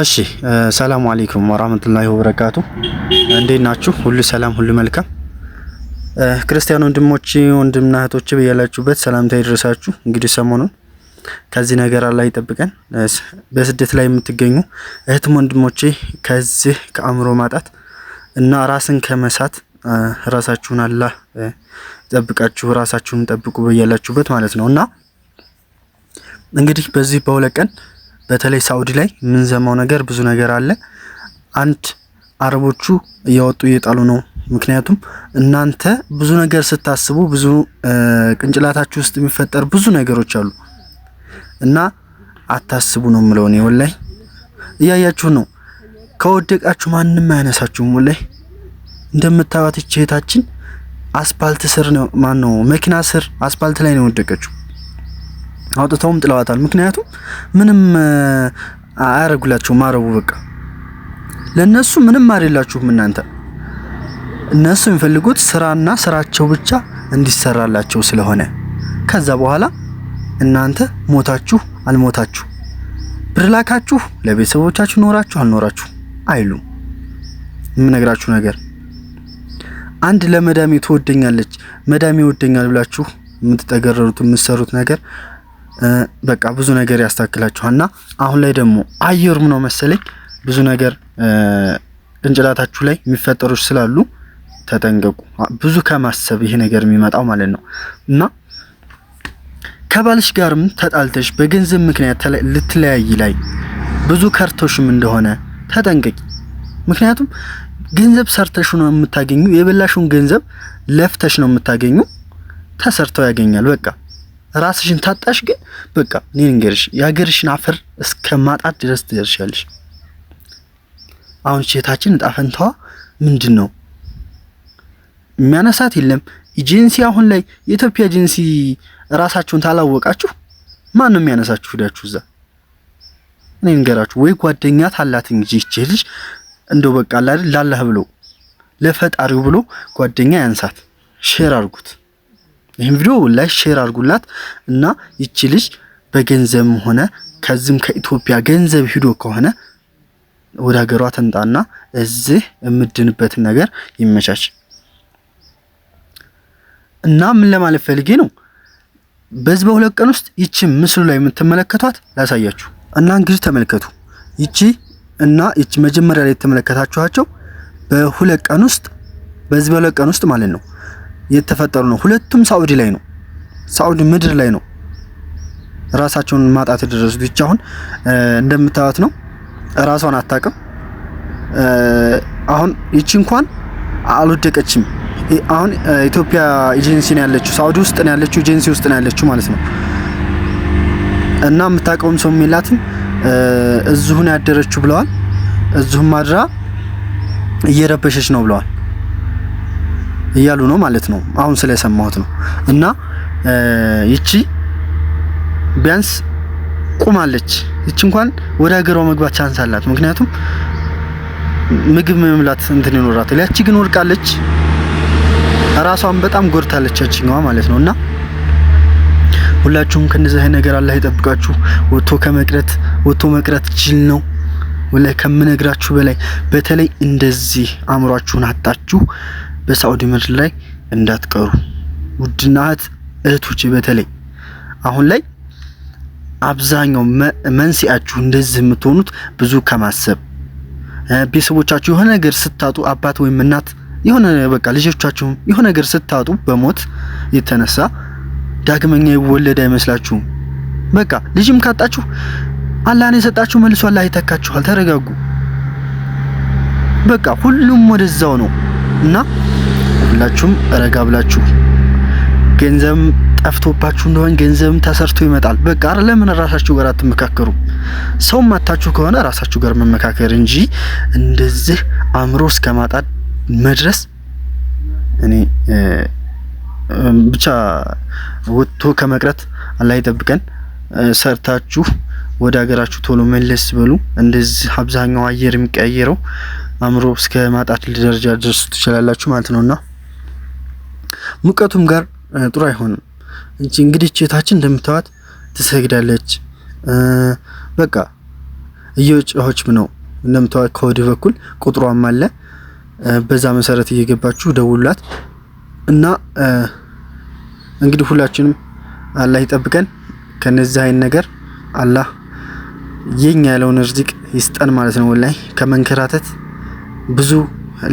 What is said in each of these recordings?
እሺ ሰላም አለይኩም ወራህመቱላሂ ወበረካቱ። እንዴት ናችሁ? ሁሉ ሰላም፣ ሁሉ መልካም። ክርስቲያን ወንድሞቼ ወንድምና እህቶቼ በያላችሁበት ሰላምታ ይድረሳችሁ። እንግዲህ ሰሞኑን ከዚህ ነገር አላህ ይጠብቀን። በስደት ላይ የምትገኙ እህትም ወንድሞቼ ከዚህ ከአእምሮ ማጣት እና ራስን ከመሳት ራሳችሁን አላህ ጠብቃችሁ ራሳችሁን ጠብቁ በያላችሁበት ማለት ነው እና እንግዲህ በዚህ በሁለት ቀን በተለይ ሳውዲ ላይ የምንሰማው ነገር ብዙ ነገር አለ። አንድ አረቦቹ እያወጡ እየጣሉ ነው። ምክንያቱም እናንተ ብዙ ነገር ስታስቡ ብዙ ቅንጭላታችሁ ውስጥ የሚፈጠር ብዙ ነገሮች አሉ እና አታስቡ ነው የምለው እኔ ወላሂ። እያያችሁ ነው። ከወደቃችሁ ማንም አያነሳችሁም ወላሂ። እንደምታዩት እህታችን አስፓልት ስር ነው ማን ነው መኪና ስር አስፓልት ላይ ነው የወደቀችው። አውጥተውም ጥለዋታል። ምክንያቱም ምንም አያረጉላቸውም አረቡ በቃ ለነሱ ምንም አይደላችሁም እናንተ። እነሱ የሚፈልጉት ስራና ስራቸው ብቻ እንዲሰራላቸው ስለሆነ ከዛ በኋላ እናንተ ሞታችሁ አልሞታችሁ ብር ላካችሁ ለቤተሰቦቻችሁ ኖራችሁ አልኖራችሁ አይሉ የምነግራችሁ ነገር አንድ ለመዳሜ ትወደኛለች መዳሜ ይወደኛል ብላችሁ የምትጠገረሩት የምትሰሩት ነገር በቃ ብዙ ነገር እና አሁን ላይ ደግሞ አየር ነው መሰለኝ ብዙ ነገር ቅንጭላታችሁ ላይ የሚፈጠሩ ስላሉ ተጠንቀቁ። ብዙ ከማሰብ ይሄ ነገር የሚመጣው ማለት ነው እና ከባልሽ ጋርም ተጣልተሽ በገንዘብ ምክንያት ልትለያይ ላይ ብዙ ከርቶሽም እንደሆነ ተጠንቀቂ። ምክንያቱም ገንዘብ ሰርተሽ ነው የምታገኙ። የበላሽውን ገንዘብ ለፍተሽ ነው የምታገኙ። ተሰርተው ያገኛል በቃ ራስሽን ታጣሽ ግን በቃ እኔ ንገርሽ የሀገርሽን አፈር እስከ ማጣት ድረስ ትደርሻለሽ። አሁን ሴታችን እጣ ምንድነው? ምንድን ነው? የሚያነሳት የለም። ኤጀንሲ አሁን ላይ የኢትዮጵያ ኤጀንሲ ራሳችሁን ታላወቃችሁ ማን ነው የሚያነሳችሁ? ሄዳችሁ እዛ እኔ ንገራችሁ ወይ ጓደኛ ታላት እንጂ ይቺ ልጅ እንደው በቃ ላላህ ብሎ ለፈጣሪው ብሎ ጓደኛ ያንሳት። ሼር አድርጉት። ይህም ቪዲዮ ላይ ሼር አድርጉላት እና ይቺ ልጅ በገንዘብም ሆነ ከዚህም ከኢትዮጵያ ገንዘብ ሂዶ ከሆነ ወደ ሀገሯ ተንጣና እዚህ የምድንበትን ነገር ይመቻች እና ምን ለማለት ፈልጌ ነው፣ በዚህ በሁለት ቀን ውስጥ ይቺ ምስሉ ላይ የምትመለከቷት ላሳያችሁ እና እንግዲህ ተመልከቱ። ይቺ እና ይቺ መጀመሪያ ላይ የተመለከታችኋቸው በሁለት ቀን ውስጥ በዚህ በሁለት ቀን ውስጥ ማለት ነው የተፈጠሩ ነው። ሁለቱም ሳውዲ ላይ ነው፣ ሳውዲ ምድር ላይ ነው ራሳቸውን ማጣት የደረሱት። ብቻ። አሁን እንደምታዩት ነው፣ ራሷን አታውቅም። አሁን ይቺ እንኳን አልወደቀችም። አሁን ኢትዮጵያ ኤጀንሲ ነው ያለችው፣ ሳዑዲ ውስጥ ነው ያለችው፣ ኤጀንሲ ውስጥ ነው ያለችው ማለት ነው። እና የምታውቀውም ሰው የሚላትም እዚሁን ያደረችው ብለዋል። እዚሁም አድራ እየረበሸች ነው ብለዋል። እያሉ ነው ማለት ነው። አሁን ስለሰማሁት ነው። እና ይቺ ቢያንስ ቁማለች። ይቺ እንኳን ወደ ሀገሯ መግባት ቻንስ አላት። ምክንያቱም ምግብ መምላት እንትን ይኖራታል። ያቺ ግን ወድቃለች። ራሷን በጣም ጎድታለች ያቺኛዋ ማለት ነው እና ሁላችሁም ከነዚህ አይነት ነገር አላህ ይጠብቃችሁ። ወጥቶ ከመቅረት ወጥቶ መቅረት ጅል ነው ወላሂ ከምነግራችሁ በላይ በተለይ እንደዚህ አእምሯችሁን አጣችሁ በሳዑዲ ምድር ላይ እንዳትቀሩ ውድና እህት በተለይ አሁን ላይ አብዛኛው መንስኤያችሁ እንደዚህ የምትሆኑት ብዙ ከማሰብ ቤተሰቦቻችሁ የሆነ ነገር ስታጡ አባት ወይም እናት የሆነ በቃ ልጆቻችሁም የሆነ ነገር ስታጡ በሞት የተነሳ ዳግመኛ ይወለድ አይመስላችሁም። በቃ ልጅም ካጣችሁ አላህን የሰጣችሁ መልሶ አላህ ይተካችኋል። ተረጋጉ። በቃ ሁሉም ወደዛው ነው። እና ሁላችሁም ረጋ ብላችሁ ገንዘብም ጠፍቶባችሁ እንደሆን ገንዘብም ተሰርቶ ይመጣል። በቃ ለምን ራሳችሁ ጋር አትመካከሩ? ሰው ማታችሁ ከሆነ ራሳችሁ ጋር መመካከር እንጂ እንደዚህ አእምሮ እስከ ማጣት መድረስ እኔ ብቻ ወጥቶ ከመቅረት አላህ ይጠብቀን። ሰርታችሁ ወደ ሀገራችሁ ቶሎ መለስ በሉ። እንደዚህ አብዛኛው አየር የሚቀየረው። አእምሮ እስከ ማጣት ደረጃ ደርሱ ትችላላችሁ ማለት ነውና ሙቀቱም ጋር ጥሩ አይሆንም። እንግዲህ ቼታችን እንደምታዋት ትሰግዳለች። በቃ እየጮኸችም ነው እንደምታዋት። ከወዲህ በኩል ቁጥሯም አለ። በዛ መሰረት እየገባችሁ ደውላት እና እንግዲህ ሁላችንም አላህ ይጠብቀን ከነዚህ አይነት ነገር አላህ የኛ ያለውን ርዚቅ ይስጠን ማለት ነው። ወላይ ከመንከራተት ብዙ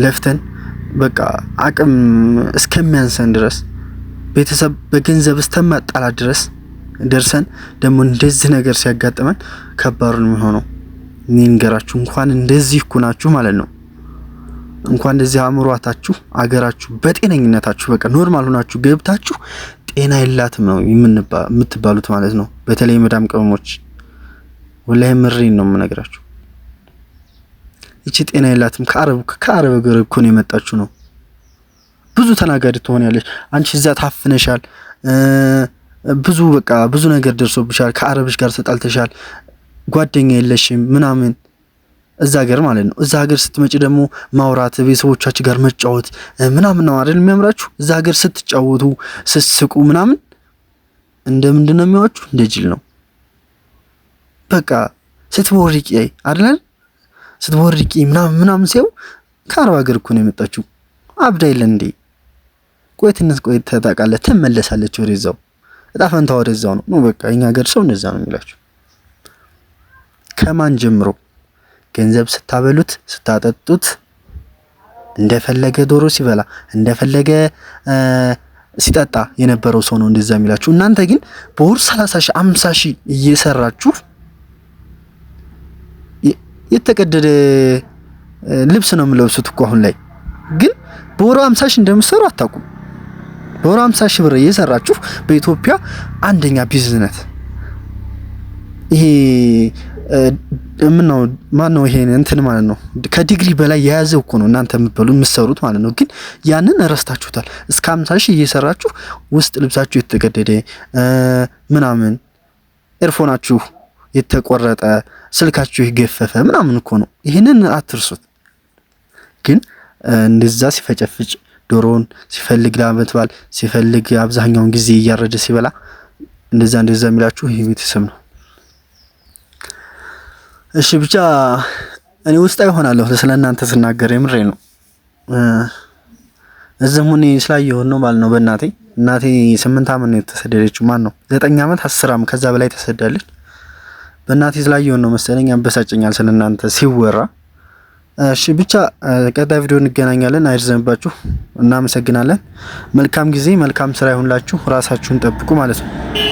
ለፍተን በቃ አቅም እስከሚያንሰን ድረስ ቤተሰብ በገንዘብ እስተማጣላት ድረስ ደርሰን ደግሞ እንደዚህ ነገር ሲያጋጥመን ከባድ ነው የሚሆነው። እኔ እንኳን እንደዚህ ኩናችሁ ማለት ነው እንኳን እንደዚህ አእምሯታችሁ አገራችሁ በጤነኝነታችሁ በቃ ኖርማል ሆናችሁ ገብታችሁ ጤና የላትም ነው የምትባሉት ማለት ነው። በተለይ መዳም ቅመሞች ወላሂ ምሬን ነው የምነግራችሁ። ይቺ ጤና የላትም። ከአረብ ከአረብ ሀገር እኮ ነው የመጣችሁ ነው። ብዙ ተናጋሪ ትሆናለች። አንቺ እዛ ታፍነሻል። ብዙ በቃ ብዙ ነገር ደርሶብሻል። ከአረብሽ ጋር ተጣልተሻል። ጓደኛ የለሽም ምናምን እዛ ሀገር ማለት ነው። እዛ ሀገር ስትመጪ ደግሞ ማውራት፣ ቤተሰቦቻችሁ ጋር መጫወት ምናምን ነው አይደል የሚያምራችሁ? እዛ ሀገር ስትጫወቱ ስትስቁ ምናምን እንደ ምንድን ነው የሚዋችሁ? እንደ ጅል ነው በቃ ስትቦርቂ አይደል ስትቦርቂ ምናምን ምናምን ሲው ከአረብ ሀገር እኮ ነው የመጣችው። አብዳ የለ እንዴ? ቆይ ትንሽ ቆይ ታጣቃለህ፣ ትመለሳለች ወደዛው። እጣ ፈንታ ወደዛው ነው ነው በቃ እኛ ሀገር ሰው እንደዛ ነው የሚላችሁ። ከማን ጀምሮ ገንዘብ ስታበሉት ስታጠጡት እንደፈለገ ዶሮ ሲበላ እንደፈለገ ሲጠጣ የነበረው ሰው ነው እንደዛ የሚላችሁ። እናንተ ግን በወር 30 ሺህ 50 ሺህ እየሰራችሁ የተቀደደ ልብስ ነው የምለብሱት እኮ አሁን ላይ ግን በወር 50 ሺህ እንደምትሰሩ አታውቁም። በወር 50 ሺህ ብር እየሰራችሁ በኢትዮጵያ አንደኛ ቢዝነስ ይሄ ምን ነው ማን ነው ይሄን እንትን ማለት ነው ከዲግሪ በላይ የያዘ እኮ ነው እናንተ የምትበሉ የምትሰሩት ማለት ነው። ግን ያንን ረስታችሁታል። እስከ 50 ሺህ እየሰራችሁ ውስጥ ልብሳችሁ የተቀደደ ምናምን ኤርፎናችሁ የተቆረጠ ስልካችሁ የገፈፈ ምናምን እኮ ነው። ይህንን አትርሱት። ግን እንደዛ ሲፈጨፍጭ ዶሮን ሲፈልግ ለዓመት በዓል ሲፈልግ አብዛኛውን ጊዜ እያረደ ሲበላ እንደዛ እንደዛ የሚላችሁ ይህ ቤተሰብ ነው። እሺ ብቻ እኔ ውስጣ ይሆናለሁ ስለ እናንተ ስናገር የምሬ ነው። እዚህ ሁኔ ስላየሁት ነው ማለት ነው። በእናቴ እናቴ ስምንት አመት ነው የተሰደደችው። ማን ነው ዘጠኝ አመት አስር ዓመት ከዛ በላይ ተሰዳለች። በእናቴ ስላየሁን ነው መሰለኝ ያበሳጨኛል እናንተ ሲወራ። እሺ ብቻ ቀጣይ ቪዲዮ እንገናኛለን። አይርዘምባችሁ። እናመሰግናለን። መልካም ጊዜ፣ መልካም ስራ ይሁንላችሁ። ራሳችሁን ጠብቁ ማለት ነው።